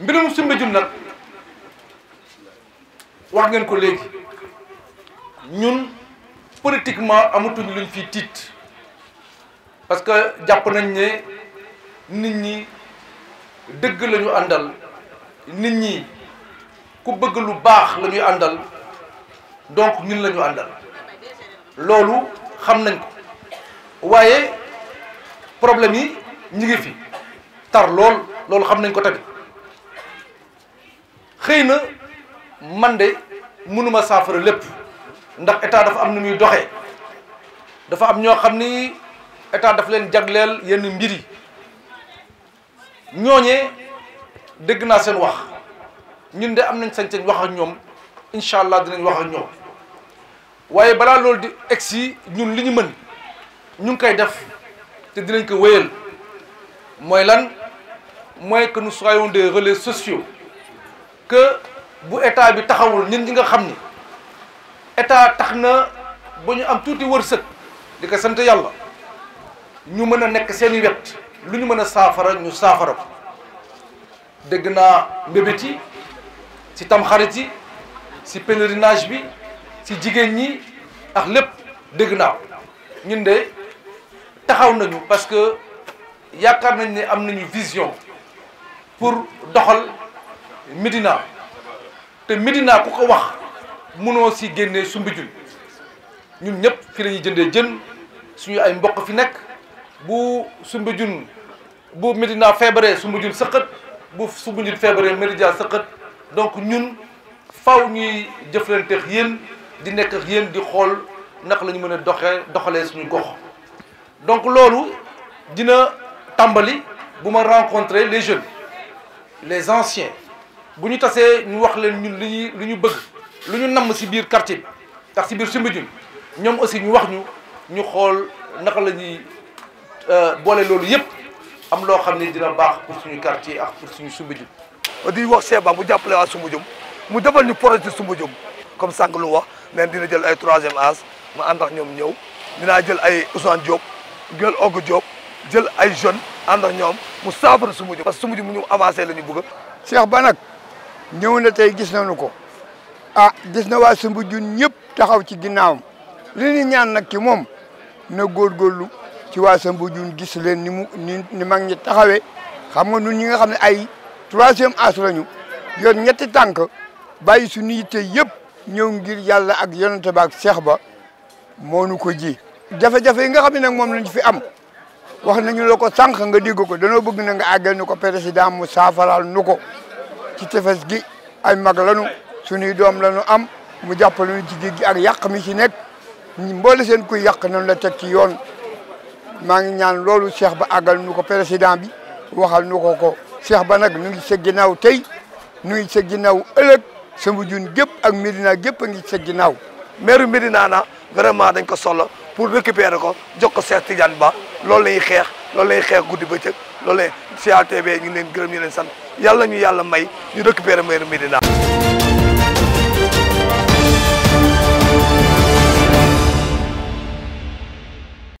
mbirum sumba jum nag wax ngeen ko léegi ñun politiquement amatuñ luñ fi tiit parce que jàpp nañ ne nit ñi dëgg la àndal nit ñi ku bëgg lu baax la ñuy àndal donc ñun la ñu àndal loolu xam nañ ko waaye problème yi ñu ngi fi tar lool loolu xam nañ ko tamit xëy na man de mënuma saafara lépp ndax état dafa am nu muy doxee dafa am ñoo xam ni état daf leen jagleel yenn mbir yi ñooñee dégg naa seen wax ñun de am nañ sañ-sañ wax ak ñoom incha allah dinañ wax ak ñoom waaye balaa loolu di egsi ñun li ñu mën ñu ngi koy def te dinañ ko wéyal mooy lan mooy que nous soyons de relais sociaux que bu état bi taxawul ñun ñi nga xam ni état tax na ba ñu am tuuti wërsëg di ko sant yàlla ñu mën a nekk seeni i wet lu ñu mën a saafara ñu saafara dégg naa mbébét yi ci tamxarit yi ci pèlerinage bi ci jigéen ñi ak lépp dégg naa ñun de taxaw nañu parce que yaakaar nañ ne am nañu vision pour doxal. Médina te Médina ku ko wax mënoo si génnee Soumbédioune ñun ñëpp fi lañuy ñuy jëndee jën suñu ay mbokk fi nekk bu Soumbédioune bu Médina feebaree Soumbédioune sëqët bu Soumbédioune feebaree Médina sëqët donc ñun faw ñuy jëflanteex yéen di nekk ak yéen di xool naka lañu ñu mën a doxee doxalee suñu gox donc loolu dina tàmbali bu ma rencontrer les jeunes les anciens bu ñu tasee ñu wax leen ñun lu ñuy lu ñu bëgg lu ñu namm si biir quartier bi ndax si biir Soumbédioune ñoom aussi ñu wax ñu ñu xool naka la ñuy euh, boole loolu yëpp am loo xam ni dina baax pour suñu quartier ak pour suñu Soumbédioune. di wax Cheikh mu bu jàppale waa Soumbédioune mu defal ñu projet Soumbédioune comme sànq lu wax neen dina jël ay troisième âge mu ànd ak ñoom ñëw dinaa jël ay Ousmane Diop jël Ogu Diop jël ay jeunes ànd ak ñoom mu saafara Soumbédioune parce que Soumbédioune mu ñu avancé la ñu bëgg. Cheikh Ba nag. ñëw na tey gis nañu ko a ah, gis na waa Soumbédioune ñëpp taxaw ci ginnaawam li ñaan nag ki moom na góorgóorlu ci waa Soumbédioune gis leen ni mu ni ni mag ñi taxawee xam nga nun ñi nga xam ne ay troisième as ñu yor ñetti tànk bàyyi nu yitte yëpp ñëw ngir yàlla ak yonente ba ak seex ba moo nu ko ji jafe-jafe yi nga xam ne nag moom lañ fi am wax nañu la ko sànq nga dégg ko danoo bëgg na nga àggal ni ko président mu saafaraal nu ko ci tefes gi ay mag lanu suñuy doom lanu am mu jàppale ñu ci gi ak yàq mi ci nekk mboole seen kuy yàq nañ la teg ci yoon maa ngi ñaan loolu Cheikh Ba àggal nu ko président bi waxal nu ko ko Cheikh Ba nag nu ngi sa ginnaaw tey nu ngi sa ginnaaw ëllëg sama jun gépp ak Médina gépp a ngi sa ginnaaw maire Médina na vraiment dañ ko solo pour récupérer ko jox ko ti Tidiane Ba loolu lay xeex loolu lay xeex guddi bëccëg loolu lay CATB ñu leen gërëm ñu leen sant yàlla ñu yàlla may ñu récupérer meeru Médina